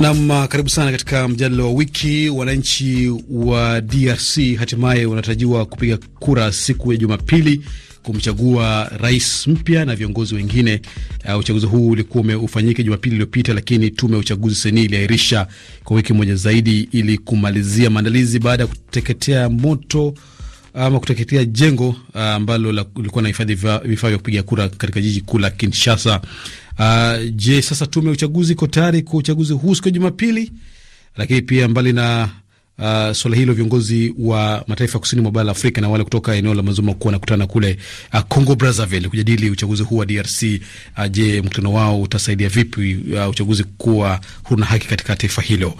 Nam, uh, karibu sana katika mjadala wa wiki. Wananchi wa DRC hatimaye wanatarajiwa kupiga kura siku ya Jumapili kumchagua rais mpya na viongozi wengine. Uh, uchaguzi huu ulikuwa umeufanyika Jumapili iliyopita, lakini tume ya uchaguzi seni iliahirisha kwa wiki moja zaidi ili kumalizia maandalizi baada ya kuteketea moto ama kuteketea jengo ah, ambalo lilikuwa na hifadhi vifaa vya kupiga kura katika jiji kuu la Kinshasa. Uh, je, sasa tume ya uchaguzi iko tayari kwa uchaguzi huu siku ya Jumapili? Lakini pia mbali na uh, swala hilo, viongozi wa mataifa kusini mwa bara la Afrika na wale kutoka eneo la maziwa makuu wanakutana kule uh, Congo Brazzaville kujadili uchaguzi huu wa DRC. Uh, je, mkutano wao utasaidia vipi uh, uchaguzi kuwa huna haki katika taifa hilo?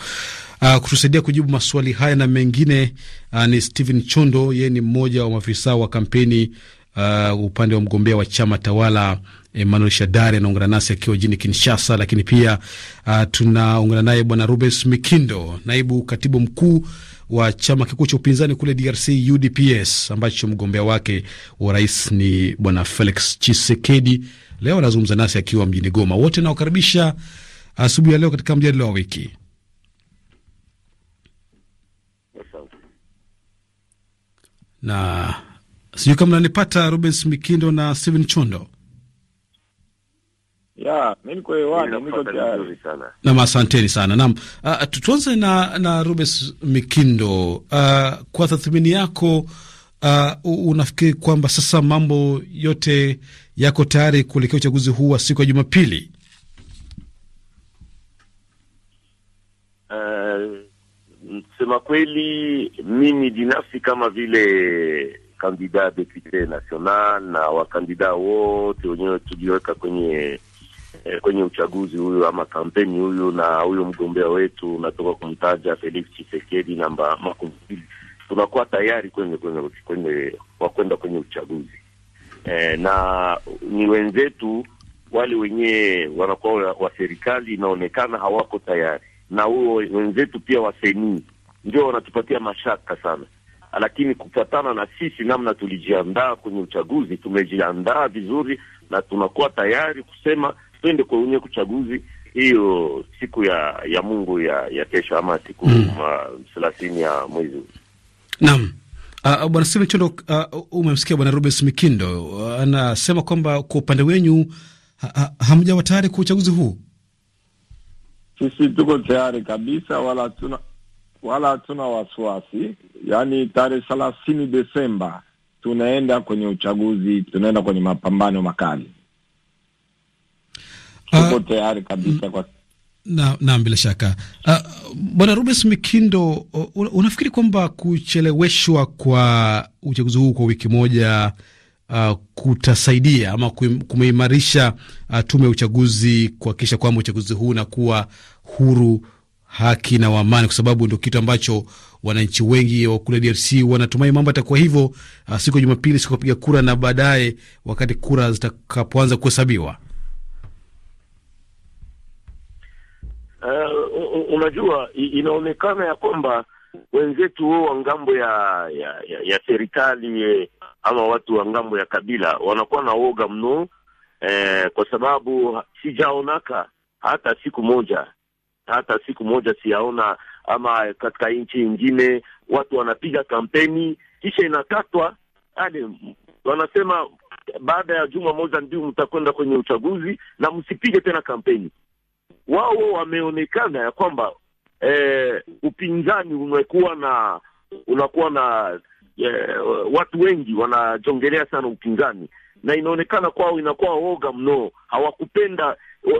Uh, kutusaidia kujibu maswali haya na mengine uh, ni Stephen Chondo, yeye ni mmoja wa maafisa wa kampeni uh, upande wa mgombea wa chama tawala Emmanuel Shadari anaungana nasi akiwa jini Kinshasa, lakini pia uh, tunaungana naye bwana Rubens Mikindo, naibu katibu mkuu wa chama kikuu cha upinzani kule DRC UDPS, ambacho mgombea wake wa rais ni bwana Felix Chisekedi. Leo anazungumza nasi akiwa mjini Goma. Wote nawakaribisha asubuhi ya leo katika mjadala wa wiki na sijui kama nanipata Rubens Mikindo na Steven Chondo. nam asanteni sana nam. Uh, tuanze na, na Rubens Mikindo, uh, kwa tathmini yako uh, unafikiri kwamba sasa mambo yote yako tayari kuelekea uchaguzi huu wa siku ya Jumapili? Kusema kweli, mimi binafsi kama vile kandida depute national na wakandida wote wenyewe tuliweka kwenye eh, kwenye uchaguzi huyu ama kampeni huyu na huyu mgombea wetu unatoka kumtaja Felix Tshisekedi namba makumi mbili, tunakuwa tayari kwenye kwenye kwenye kwenda kwenye uchaguzi eh, na ni wenzetu wale wenyewe wanakuwa wa serikali inaonekana hawako tayari, na huo wenzetu pia waseni ndio wanatupatia mashaka sana, lakini kufatana na sisi namna tulijiandaa kwenye uchaguzi, tumejiandaa vizuri na tunakuwa tayari kusema twende kwenye uchaguzi hiyo siku ya ya Mungu ya, ya kesho ama siku hmm. thelathini mm. ya mwezi. Naam. Uh, bwana Stephen Chondo, uh, ah, umemsikia bwana Robert Mikindo anasema uh, kwamba kwa upande wenyu ha, ha, hamjawa tayari kwa uchaguzi huu. Sisi tuko tayari kabisa, wala hatuna wala hatuna wasiwasi. Yaani tarehe thelathini Desemba tunaenda kwenye uchaguzi, tunaenda kwenye mapambano makali. Ah, Tuko uh, tayari kabisa kwa na, na bila shaka ah, bwana uh, Rubens Mikindo, unafikiri kwamba kucheleweshwa kwa uchaguzi huu kwa wiki moja uh, kutasaidia ama kumeimarisha uh, tume ya uchaguzi kuhakikisha kwamba uchaguzi huu unakuwa huru haki na amani, kwa sababu ndio kitu ambacho wananchi wengi wa kule DRC wanatumai mambo yatakuwa hivyo uh, siku ya Jumapili, siku ya kupiga kura na baadaye wakati kura zitakapoanza kuhesabiwa. Uh, unajua inaonekana ya kwamba wenzetu wao wa ngambo ya, ya, ya, ya serikali eh, ama watu wa ngambo ya kabila wanakuwa na woga mno eh, kwa sijaonaka hata siku moja hata siku moja siyaona, ama katika nchi nyingine watu wanapiga kampeni kisha inakatwa Yani wanasema baada ya juma moja ndio mtakwenda kwenye uchaguzi na msipige tena kampeni. Wao wameonekana ya kwamba e, upinzani umekuwa na unakuwa na e, watu wengi wanajongelea sana upinzani na inaonekana kwao inakuwa woga mno, hawakupenda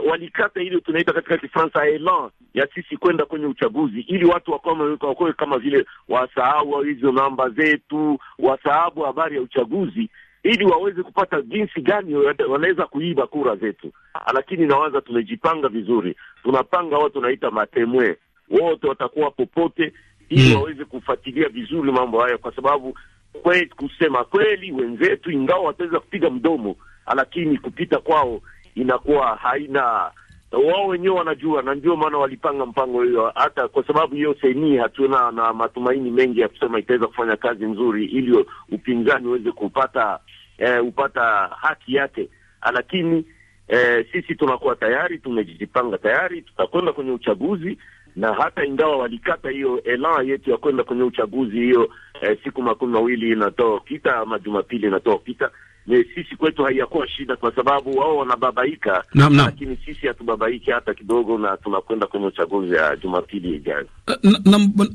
walikata ile tunaita katika Kifaransa elan ya sisi kwenda kwenye uchaguzi, ili watu wakoe kama vile wasahau hizo namba zetu, wasahabu habari ya uchaguzi, ili waweze kupata jinsi gani wanaweza kuiba kura zetu. Lakini nawaza tumejipanga vizuri, tunapanga watu wanaita matemwe, wote watakuwa popote, ili hmm. waweze kufuatilia vizuri mambo haya, kwa sababu kweli kusema kweli wenzetu ingawa wataweza kupiga mdomo, lakini kupita kwao inakuwa haina wao wenyewe wanajua, na ndio maana walipanga mpango hiyo, hata kwa sababu hiyo seni hatuna na matumaini mengi ya kusema itaweza kufanya kazi nzuri ili upinzani uweze kupata eh, upata haki yake. Lakini eh, sisi tunakuwa tayari, tumejipanga tayari, tutakwenda kwenye uchaguzi na hata ingawa walikata hiyo elan yetu ya kwenda kwenye uchaguzi hiyo eh, siku makumi mawili inatokita ama Jumapili inatokita ni sisi kwetu haiyakuwa shida, kwa sababu wao wanababaika, lakini sisi hatubabaiki hata kidogo, na tunakwenda kwenye uchaguzi ya Jumapili ijayo. Eh,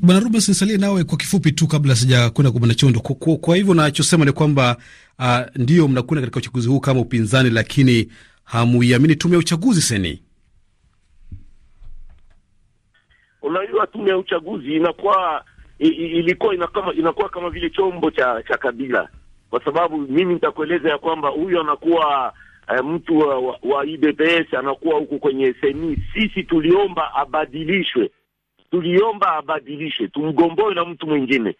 Bwana Rubens nisalie nawe kwa kifupi tu kabla sija kwenda kwa Bwana Chondo. Kwa, kwa hivyo nachosema ni kwamba uh, mnakwenda katika uchaguzi huu kama upinzani, lakini hamuiamini tume ya uchaguzi seni Unajua, tume ya uchaguzi inakuwa ilikuwa inakuwa, inakuwa kama vile chombo cha cha kabila, kwa sababu mimi nitakueleza ya kwamba huyu anakuwa eh, mtu wa, wa, IBPS anakuwa huku kwenye semi. Sisi tuliomba abadilishwe, tuliomba abadilishwe, tumgomboe na mtu mwingine,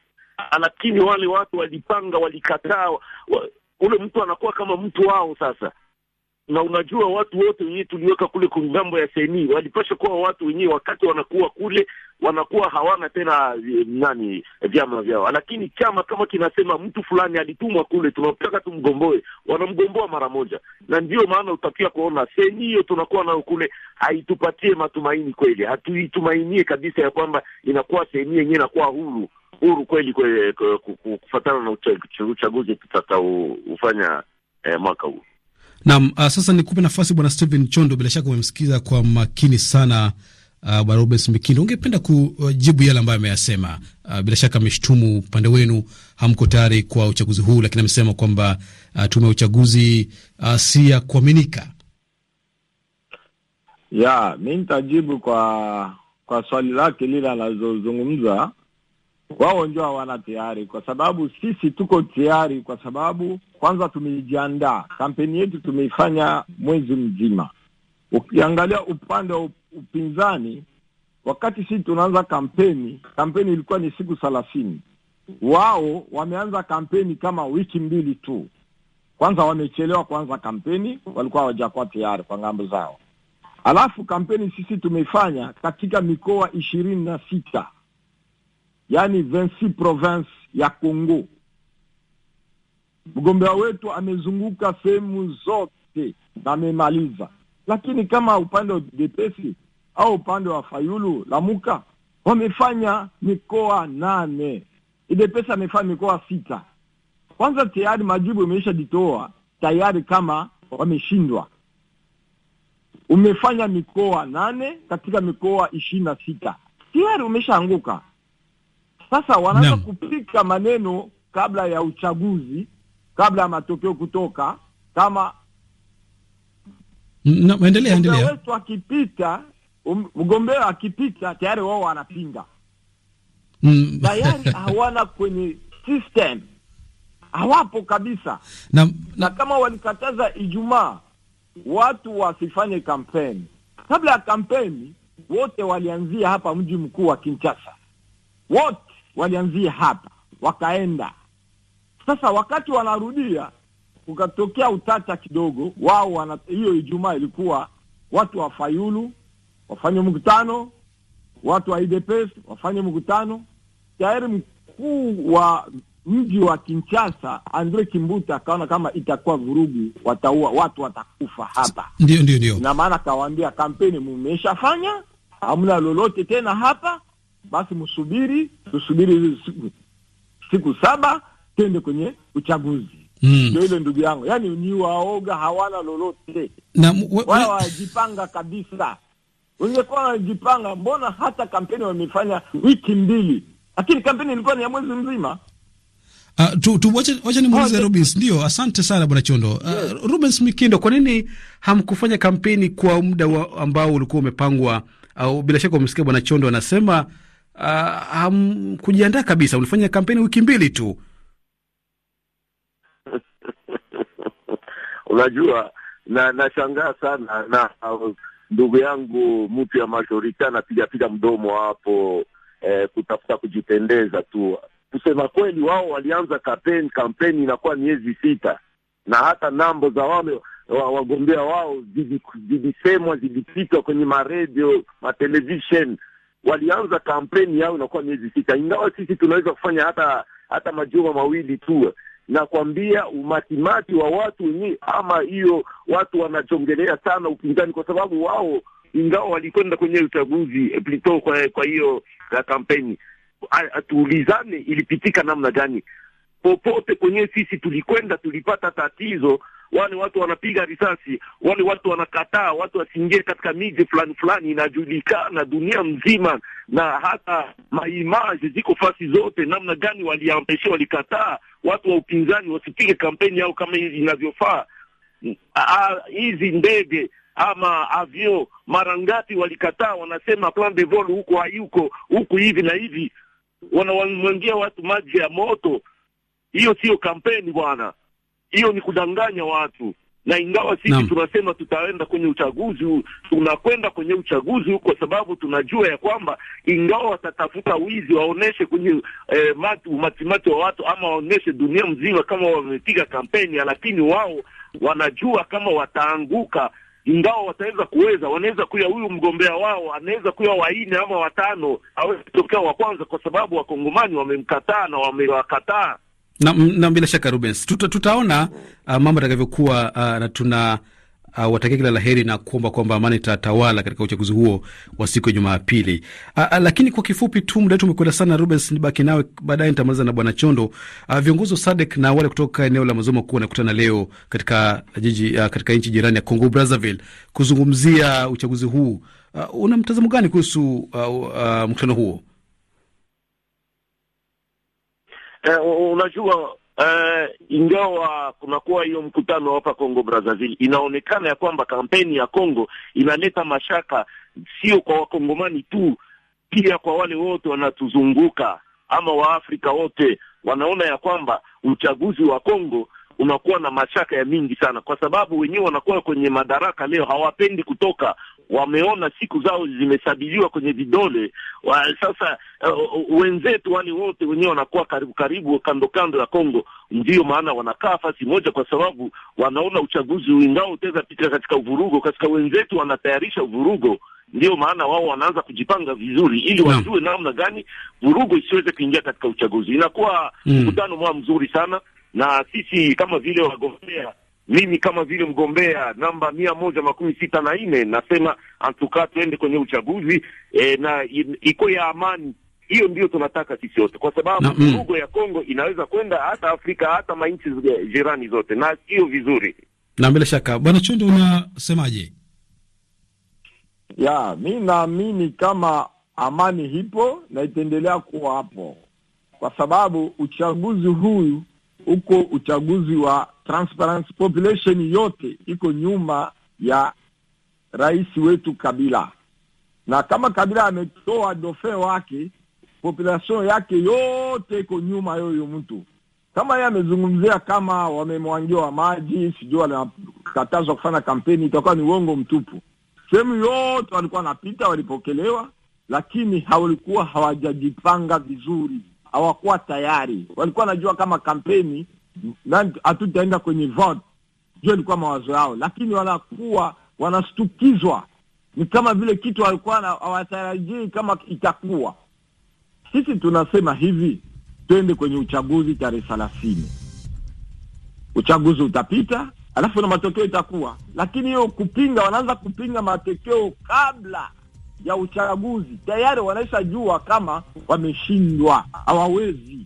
lakini wale watu walipanga, walikataa. Ule mtu anakuwa kama mtu wao sasa na unajua watu wote wenyewe tuliweka kule ngambo ya seni walipasha kuwa watu wenyewe, wakati wanakuwa kule wanakuwa hawana tena eh, nani vyama vyao, lakini chama kama kinasema mtu fulani alitumwa kule, tunataka tumgomboe, wanamgomboa mara moja, na ndiyo maana utakia kuona seni hiyo tunakuwa nayo kule haitupatie matumaini kweli, hatuitumainie kabisa ya kwamba inakuwa seni yenyewe inakuwa huru huru kweli kufatana na uchaguzi tutataufanya eh, mwaka huu. Naam, uh, sasa nikupe nafasi Bwana Stephen Chondo, bila shaka umemsikiza kwa makini sana uh, Bwana Robert Mikindo. Ungependa kujibu yale ambayo ameyasema. Uh, bila shaka ameshtumu upande wenu, hamko tayari kwa uchaguzi huu, lakini amesema kwamba uh, tume ya uchaguzi uh, si ya kuaminika. Ya, mi nitajibu kwa kwa swali lake lile anazozungumza wao ndio hawana tayari, kwa sababu sisi tuko tayari, kwa sababu kwanza tumejiandaa. Kampeni yetu tumeifanya mwezi mzima. Ukiangalia upande wa upinzani, wakati sisi tunaanza kampeni, kampeni ilikuwa ni siku thelathini, wao wameanza kampeni kama wiki mbili tu. Kwanza wamechelewa kuanza kampeni, walikuwa hawajakuwa tayari kwa ngambo zao. Alafu kampeni sisi tumeifanya katika mikoa ishirini na sita yaani 26 province ya Kongo. Mgombea wetu amezunguka sehemu zote na amemaliza, lakini kama upande wa Depesi au upande wa Fayulu Lamuka wamefanya mikoa nane, Idepesi amefanya mikoa sita. Kwanza tayari majibu imeisha jitoa tayari kama wameshindwa. Umefanya mikoa nane katika mikoa ishirini na sita tayari umeshaanguka. Sasa wanaanza kupika maneno kabla ya uchaguzi, kabla ya matokeo kutoka. Kama endelea endelea, wetu akipita, um, mgombea akipita, tayari wao wanapinga mm. tayari hawana kwenye system, hawapo kabisa na, na, na kama walikataza Ijumaa watu wasifanye kampeni kabla ya kampeni, wote walianzia hapa mji mkuu wa Kinshasa, wote walianzia hapa, wakaenda sasa. Wakati wanarudia ukatokea utata kidogo, wao hiyo Ijumaa ilikuwa watu wa Fayulu wafanye mkutano, watu wa IDPs wafanye mkutano. Tayari mkuu wa mji wa Kinshasa Andre Kimbuta akaona kama itakuwa vurugu, wataua watu, watakufa hapa. Ndio, ndio, ndio, na maana akawaambia kampeni mumeshafanya, hamna lolote tena hapa basi msubiri, tusubiri siku, siku saba tende kwenye uchaguzi. Hmm. Ndio ile ndugu yangu, yaani ni waoga, hawana lolote, wala wajipanga kabisa. Wangekuwa wanajipanga, mbona hata kampeni wamefanya wiki mbili, lakini kampeni ilikuwa ni ya mwezi mzima. Uh, tu, tu, wacha, wacha nimuulize Rubens. Ndio, asante sana bwana Chondo. Uh, ah, Rubens Mikindo, kwa nini hamkufanya kampeni kwa muda ambao ulikuwa umepangwa? Au bila shaka umesikia bwana Chondo anasema uh, ah, hamkujiandaa kabisa, ulifanya kampeni wiki mbili tu. Unajua, na nashangaa sana na uh, ndugu yangu mpya mashorika anapigapiga mdomo hapo eh, kutafuta kujipendeza tu. Kusema kweli, wao walianza kampeni, kampeni inakuwa miezi sita, na hata nambo za wame wagombea wao zilisemwa zilipitwa kwenye maredio, matelevisheni, walianza kampeni yao inakuwa miezi sita, ingawa sisi tunaweza kufanya hata hata majuma mawili tu na kuambia umatimati wa watu wenyewe, ama hiyo watu wanajongelea sana upinzani, kwa sababu wao ingawa walikwenda kwenye uchaguzi eh, plito kwa, kwa hiyo kampeni. Tuulizane ilipitika namna gani? Popote kwenye sisi tulikwenda tulipata tatizo wani watu wanapiga risasi, wani watu wanakataa watu wasiingie katika miji fulani fulani, inajulikana dunia mzima na hata maimaji ziko fasi zote, namna gani waliampeshe, walikataa watu wa upinzani wasipige kampeni yao kama inavyofaa. Hizi ndege ama avion mara ngapi walikataa, wanasema plan de vol huko hayuko huku hivi na hivi, wanawamwangia watu maji ya moto. Hiyo siyo kampeni bwana hiyo ni kudanganya watu na ingawa sisi no. tunasema tutaenda kwenye uchaguzi, tunakwenda kwenye uchaguzi kwa sababu tunajua ya kwamba ingawa watatafuta wizi, waoneshe kwenye eh, umatimati wa watu ama waoneshe dunia mzima kama wamepiga kampeni, lakini wao wanajua kama wataanguka ingawa wataweza kuweza, wanaweza kuya huyu mgombea wao anaweza kuya waine ama watano, awezi tokea wa kwanza, kwa sababu wakongomani wamemkataa na wamewakataa na, na bila shaka Rubens tuta, tutaona uh, mambo atakavyokuwa uh, na tuna uh, watakia kila la na kuomba kwamba amani itatawala katika uchaguzi huo wa siku ya Jumapili. Uh, uh, lakini kwa kifupi tu, muda wetu umekwenda sana Rubens, nibaki nawe baadaye, nitamaliza na Bwana Chondo. Uh, viongozi wa SADC na wale kutoka eneo la maziwa makuu wanakutana leo katika uh, jiji uh, katika nchi jirani ya Congo Brazzaville kuzungumzia uchaguzi huu. Uh, una mtazamo gani kuhusu uh, uh, mkutano huo? eh, unajua eh, ingawa kunakuwa hiyo mkutano hapa Kongo Brazzaville, inaonekana ya kwamba kampeni ya Kongo inaleta mashaka, sio kwa wakongomani tu, pia kwa wale wote wanatuzunguka ama Waafrika wote wanaona ya kwamba uchaguzi wa Kongo unakuwa na mashaka ya mingi sana, kwa sababu wenyewe wanakuwa kwenye madaraka leo, hawapendi kutoka, wameona siku zao zimesabiliwa kwenye vidole wa, sasa uh, wenzetu wale wote wenyewe wanakuwa karibu karibu kando kando ya Kongo, ndiyo maana wanakaa fasi moja, kwa sababu wanaona uchaguzi ingawa utaweza pita katika uvurugo, katika wenzetu wanatayarisha uvurugo ndio maana wao wanaanza kujipanga vizuri ili wajue namna gani vurugu isiweze kuingia katika uchaguzi. Inakuwa mm. mkutano mm, mwaa mzuri sana na sisi kama vile wagombea mimi kama vile mgombea namba mia moja makumi sita na nne nasema antukaa tuende kwenye uchaguzi e, na iko ya amani. Hiyo ndio tunataka sisi wote, kwa sababu vurugo mm, ya Kongo inaweza kwenda hata Afrika hata manchi jirani zote, na hiyo vizuri. Na bila shaka, bwana Chundo, unasemaje? Ya, mi naamini kama amani hipo na itaendelea kuwa hapo, kwa sababu uchaguzi huyu huko uchaguzi wa transparency, population yote iko nyuma ya rais wetu Kabila, na kama Kabila ametoa dauphin wake, population yake yote iko nyuma yoyo mtu kama yeye amezungumzia kama wamemwangiwa maji, sijua wanakatazwa kufanya kampeni, itakuwa ni uongo mtupu. Sehemu yote walikuwa wanapita, walipokelewa, lakini hawalikuwa hawajajipanga vizuri hawakuwa tayari, walikuwa wanajua kama kampeni hatutaenda kwenye vote, hiyo ilikuwa mawazo yao, lakini wanakuwa wanastukizwa, ni kama vile kitu walikuwa hawatarajii kama itakuwa. Sisi tunasema hivi, twende kwenye uchaguzi tarehe thelathini. Uchaguzi utapita, alafu na matokeo itakuwa, lakini hiyo kupinga, wanaanza kupinga matokeo kabla ya uchaguzi tayari wanaishajua kama wameshindwa, hawawezi,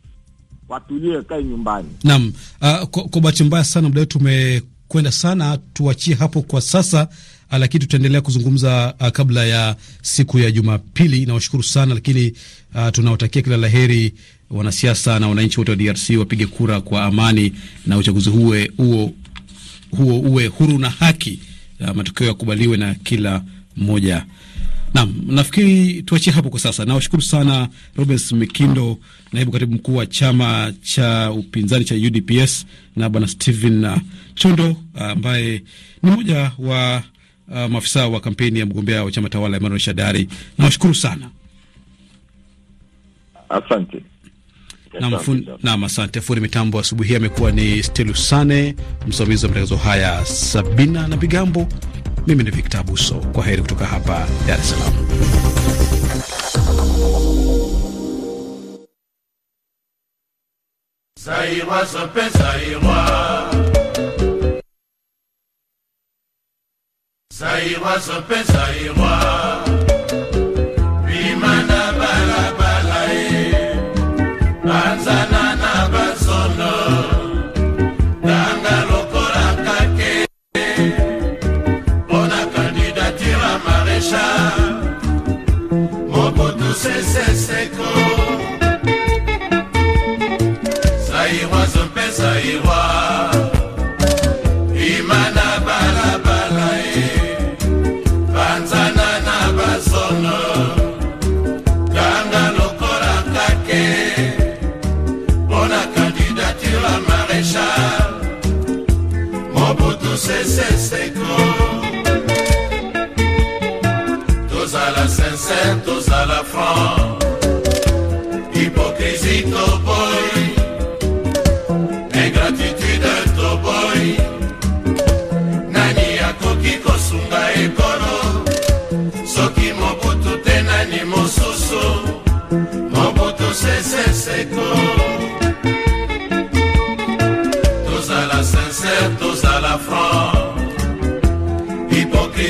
watulie, kae nyumbani. Naam. Uh, kwa bahati mbaya sana muda wetu tumekwenda sana, tuachie hapo kwa sasa, ah, lakini tutaendelea kuzungumza uh, kabla ya siku ya Jumapili. Nawashukuru sana, lakini uh, tunawatakia kila laheri wanasiasa na wananchi wote wa DRC wapige kura kwa amani na uchaguzi huwe huo huo uwe huru na haki, uh, matokeo yakubaliwe na kila mmoja. Naam, nafikiri tuachie hapo kwa sasa. Nawashukuru sana Robert Mikindo, naibu katibu mkuu wa chama cha upinzani cha UDPS na bwana Steven uh, Chondo uh, ambaye ni mmoja wa uh, maafisa wa kampeni ya mgombea wa chama tawala Emmanuel Shadari. Nawashukuru sana, asante. Nam, asante. Fundi mitambo asubuhi hii amekuwa ni Stelusane, msimamizi wa matangazo haya Sabina na Bigambo. Mimi ni Victor Abuso, kwa heri kutoka hapa Dar es Salaam. Zaiwa sope zaiwa. Zaiwa sope zaiwa.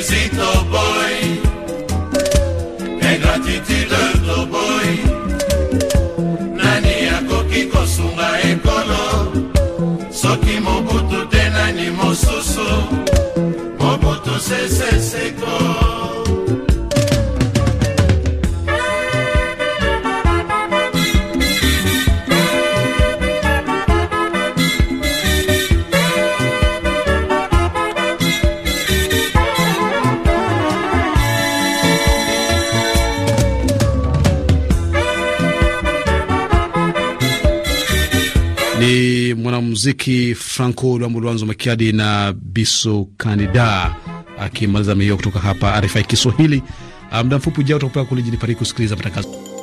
visite au boy, ingratitude au boy, nani akoki kosunga ekolo, soki mobutu te nani mosusu, mobutu sese seko. muziki Franco Luambo lwanzo Makiadi na Biso Kanida akimaliza mehio kutoka hapa RFI Kiswahili. Ah, muda mfupi ujao utakupewa kule jini Paris kusikiliza matangazo